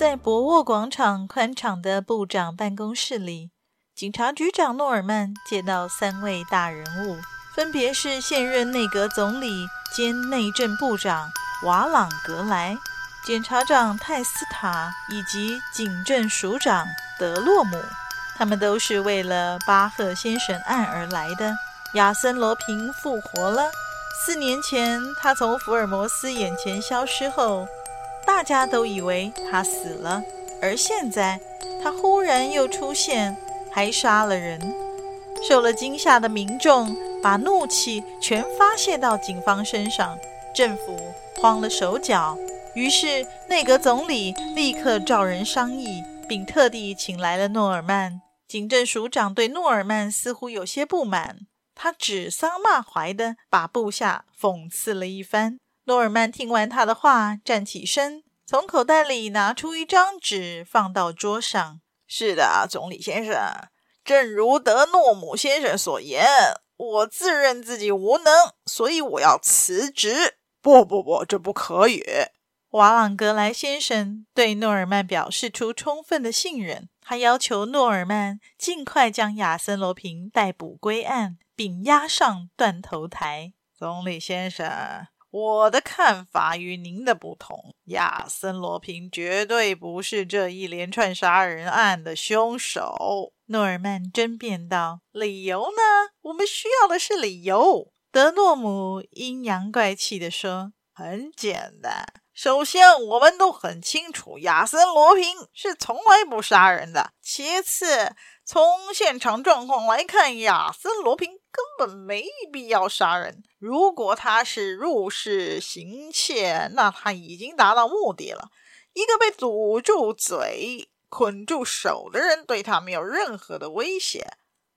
在博沃廣場寬敞的部長辦公室裡，警察局長諾爾曼見到三位大人物，分別是現任內閣總理兼內政部長瓦朗格萊、檢察長泰斯塔以及警政署長德洛姆。他們都是為了巴赫先生案而來的。亞森·羅平復活了，四年前他從福爾摩斯眼前消失後。大家都以為他死了，而現在他忽然又出現，還殺了人。受了驚嚇的民眾把怒氣全發洩到警方身上，政府慌了手腳。於是內閣總理立刻召人商議，並特地請來了諾爾曼。警政署長對諾爾曼似乎有些不滿，他指桑罵槐地把部下諷刺了一番。諾爾曼聽完他的話，站起身，從口袋裡拿出一張紙，放到桌上。是的，總理先生，正如德諾姆先生所言，我自認自己無能，所以我要辭職。不不不，這不可以。瓦朗格萊先生對諾爾曼表示出充分的信任，他要求諾爾曼盡快將亞森羅平逮捕歸歸案，並押上斷頭台。總理先生。我的看法與您的不同，亞森·羅平絕對不是這一連串殺人案的兇手。”諾爾曼爭辯道。“理由呢？我們需要的是理由。”德諾姆陰陽怪氣地說。“很簡單，首先我們都很清楚，亞森·羅平是從來不殺人的。其次，從現場狀況來看，亞森·羅平……”根本沒必要殺人。如果他是入室行竊，那他已經達到目的了。一個被堵住嘴、捆住手的人，對他沒有任何的威脅。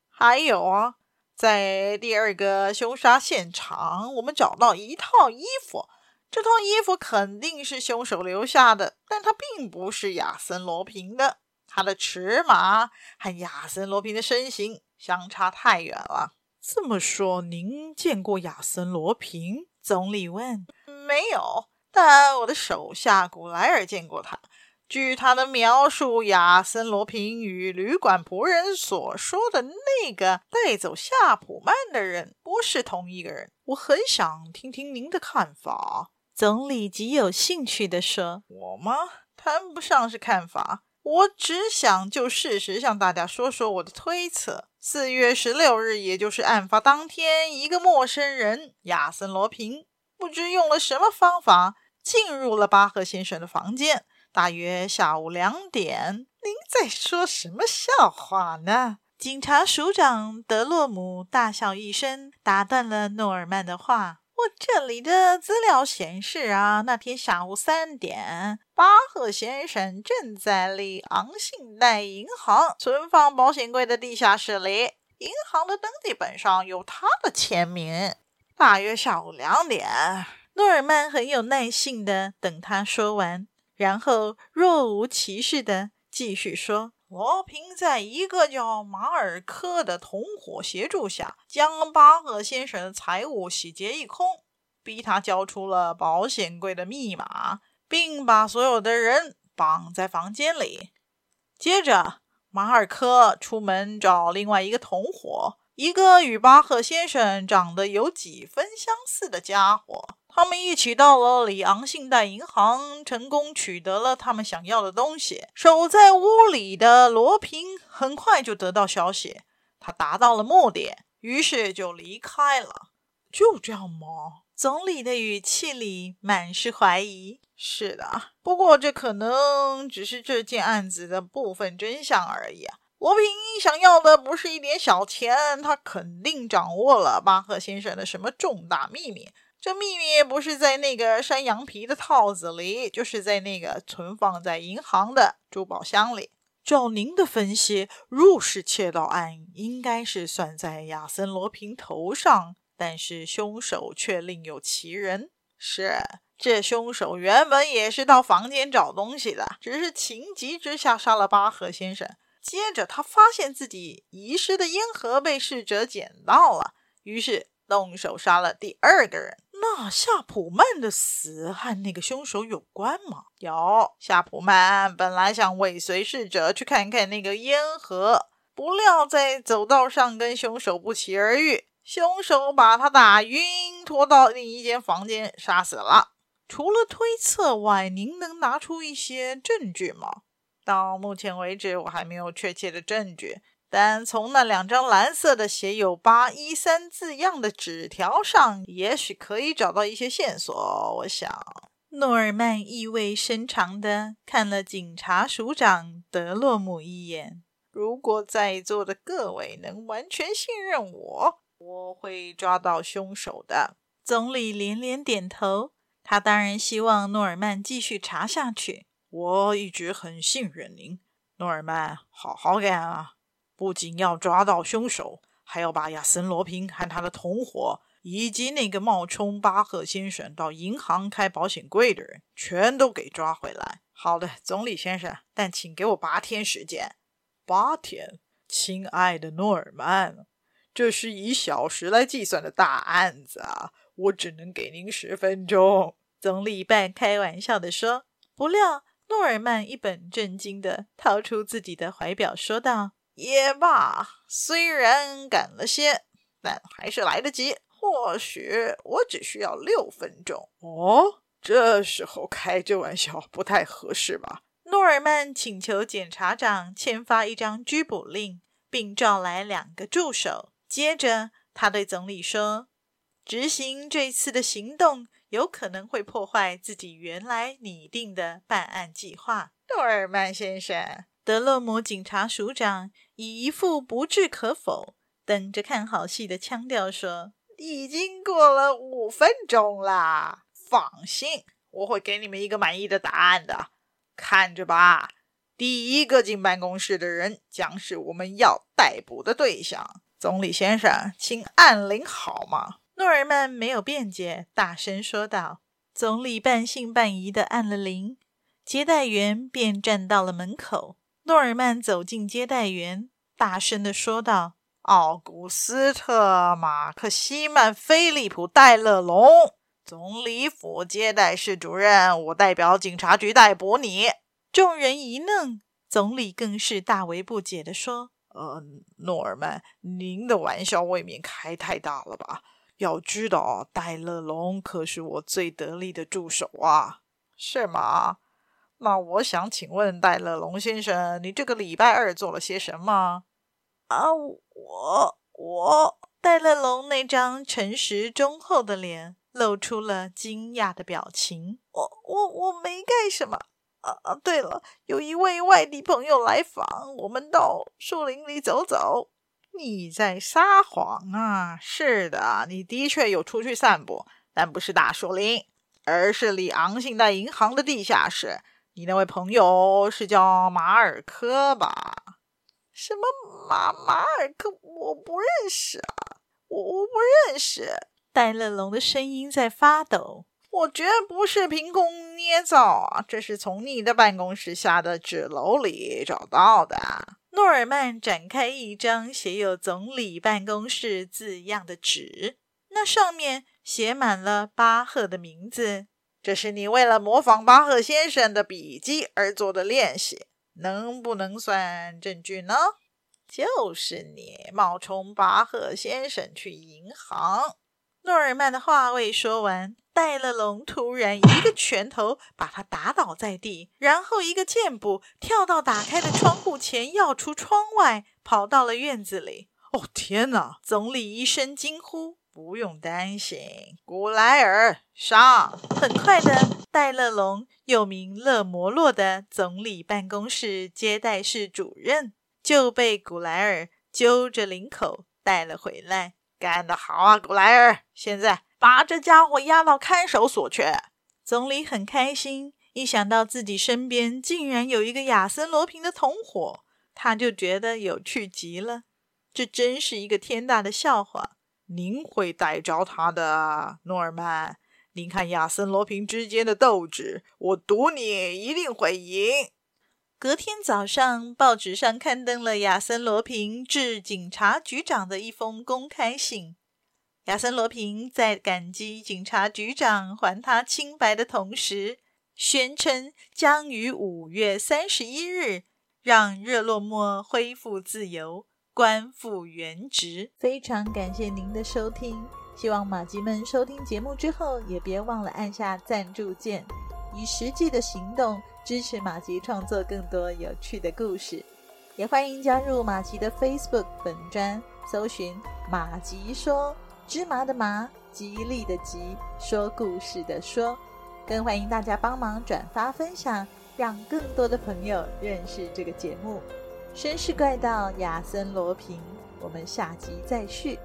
還有啊、哦，在第二個兇殺現場，我們找到一套衣服。這套衣服肯定是兇手留下的，但它並不是亞森·羅平的。他的尺碼和亞森·羅平的身形相差太遠了。這麼說，您見過亞森·羅平？總理問。沒有，但我的手下古萊爾見過他。據他的描述，亞森·羅平與旅館僕人所說的那個帶走夏普曼的人不是同一個人。我很想聽聽您的看法。總理極有興趣地說。我嗎？談不上是看法，我只想就事實向大家說說我的推測。四月十六日，也就是案發當天，一個陌生人亞森·羅平不知用了什麼方法進入了巴赫先生的房間，大約下午兩點。您在說什麼笑話呢？警察署長德洛姆大笑一聲，打斷了諾爾曼的話。我這裡的資料顯示啊，那天下午三點，巴赫先生正在里昂信貸銀行存放保險櫃的地下室裡。銀行的登記本上有他的簽名。大約下午兩點，諾爾曼很有耐心的等他說完，然後若無其事的繼續說。羅平在一個叫馬爾科的同夥協助下，將巴赫先生的財物洗劫一空，逼他交出了保險櫃的密碼，並把所有的人綁在房間裡。接着，馬爾科出門找另外一個同夥，一個與巴赫先生長得有幾分相似的傢伙。他們一起到了里昂信貸銀行，成功取得了他們想要的東西。守在屋裡的羅平很快就得到消息，他達到了目的，於是就離開了。就這樣嗎？總理的語氣裡滿是懷疑。是的，不過這可能只是這件案子的部分真相而已啊。羅平想要的不是一點小錢，他肯定掌握了巴赫先生的什麼重大秘密。這祕密不是在那個山羊皮的套子裡，就是在那個存放在銀行的珠寶箱裡。照您的分析，入室竊盜案應該是算在亞森羅平頭上，但是兇手卻另有其人。是，這兇手原本也是到房間找東西的，只是情急之下殺了巴赫先生。接着，他發現自己遺失的菸盒被侍者撿到了，於是動手殺了第二個人。那夏普曼的死和那個兇手有關嗎？有，夏普曼本來想尾隨逝者去看看那個煙盒，不料在走道上跟兇手不期而遇，兇手把他打暈，拖到另一間房間殺死了。除了推測外，您能拿出一些證據嗎？到目前為止，我還沒有確切的證據。但從那兩張藍色的、寫有“八一三”字樣的紙條上，也許可以找到一些線索。我想，諾爾曼意味深長地看了警察署長德洛姆一眼。如果在座的各位能完全信任我，我會抓到兇手的。總理連連點頭。他當然希望諾爾曼繼續查下去。我一直很信任您，諾爾曼，好好幹啊！不僅要抓到兇手，還要把亞森·羅平和他的同夥，以及那個冒充巴赫先生到銀行開保險櫃的人，全都給抓回來。好的，總理先生，但請給我八天時間。八天，親愛的諾爾曼，這是以小時來計算的大案子啊，我只能給您十分鐘。”總理半開玩笑地說。不料，諾爾曼一本正經地掏出自己的懷表，說道。也罷，雖然趕了些，但還是來得及。或許我只需要六分鐘哦。這時候開這玩笑不太合適吧？諾爾曼請求檢察長簽發一張拘捕令，並召來兩個助手。接着，他對總理說：“執行這次的行動，有可能會破壞自己原來擬定的辦案計劃。”諾爾曼先生。德勒姆警察署長以一副不置可否、等着看好戲的腔調說：“已經過了五分鐘啦，放心，我會給你們一個滿意的答案的。看着吧，第一個進辦公室的人將是我們要逮捕的對象。”總理先生，請按鈴好嗎？諾爾曼沒有辯解，大聲說道。總理半信半疑地按了鈴，接待員便站到了門口。諾爾曼走進接待員，大聲地說道：“奧古斯特、馬克西曼、菲利普、戴勒龍，總理府接待室主任，我代表警察局逮捕你。”眾人一愣，總理更是大為不解地說：“呃，諾爾曼，您的玩笑未免開太大了吧？要知道，戴勒龍可是我最得力的助手啊，是嗎？”那我想請問戴樂龍先生，你這個禮拜二做了些什麼？啊，我我戴樂龍那張誠實忠厚的臉露出了驚訝的表情。我我我沒幹什麼。啊啊，對了，有一位外地朋友來訪，我們到樹林裡走走。你在撒謊啊！是的，你的確有出去散步，但不是大樹林，而是里昂信貸銀行的地下室。你那位朋友是叫馬爾科吧？什麼馬馬爾科？我不認識啊，我我不認識。戴樂龍的聲音在發抖。我絕不是憑空捏造啊，這是從你的辦公室下的紙簍裡找到的。諾爾曼展開一張寫有“總理辦公室”字樣的紙，那上面寫滿了巴赫的名字。這是你為了模仿巴赫先生的筆跡而做的練習，能不能算證據呢？就是你冒充巴赫先生去銀行。諾爾曼的話未說完，戴勒龍突然一個拳頭把他打倒在地，然後一個箭步跳到打開的窗戶前，躍出窗外，跑到了院子裡。哦天哪！總理一聲驚呼。不用擔心，古萊爾上，很快的。戴勒龍，又名勒摩洛的總理辦公室接待室主任，就被古萊爾揪着領口帶了回來。幹得好啊，古萊爾！現在把這家夥押到看守所去。總理很開心，一想到自己身邊竟然有一個亞森羅平的同夥，他就覺得有趣極了。這真是一個天大的笑話。您會逮着他的，諾爾曼。您看亞森·羅平之間的鬥志，我賭你一定會贏。隔天早上，報紙上刊登了亞森·羅平致警察局長的一封公開信。亞森·羅平在感激警察局長還他清白的同時，宣稱將於五月三十一日讓熱洛莫恢復自由。官復原職，非常感謝您的收聽。希望麻吉們收聽節目之後，也別忘了按下贊助鍵，以實際的行動支持麻吉創作更多有趣的故事。也歡迎加入麻吉的 Facebook 粉專，搜尋“麻吉說芝麻的麻吉利的吉說故事的說”，更歡迎大家幫忙轉發分享，讓更多的朋友認識這個節目。紳士怪盜亞森羅平，我們下集再續。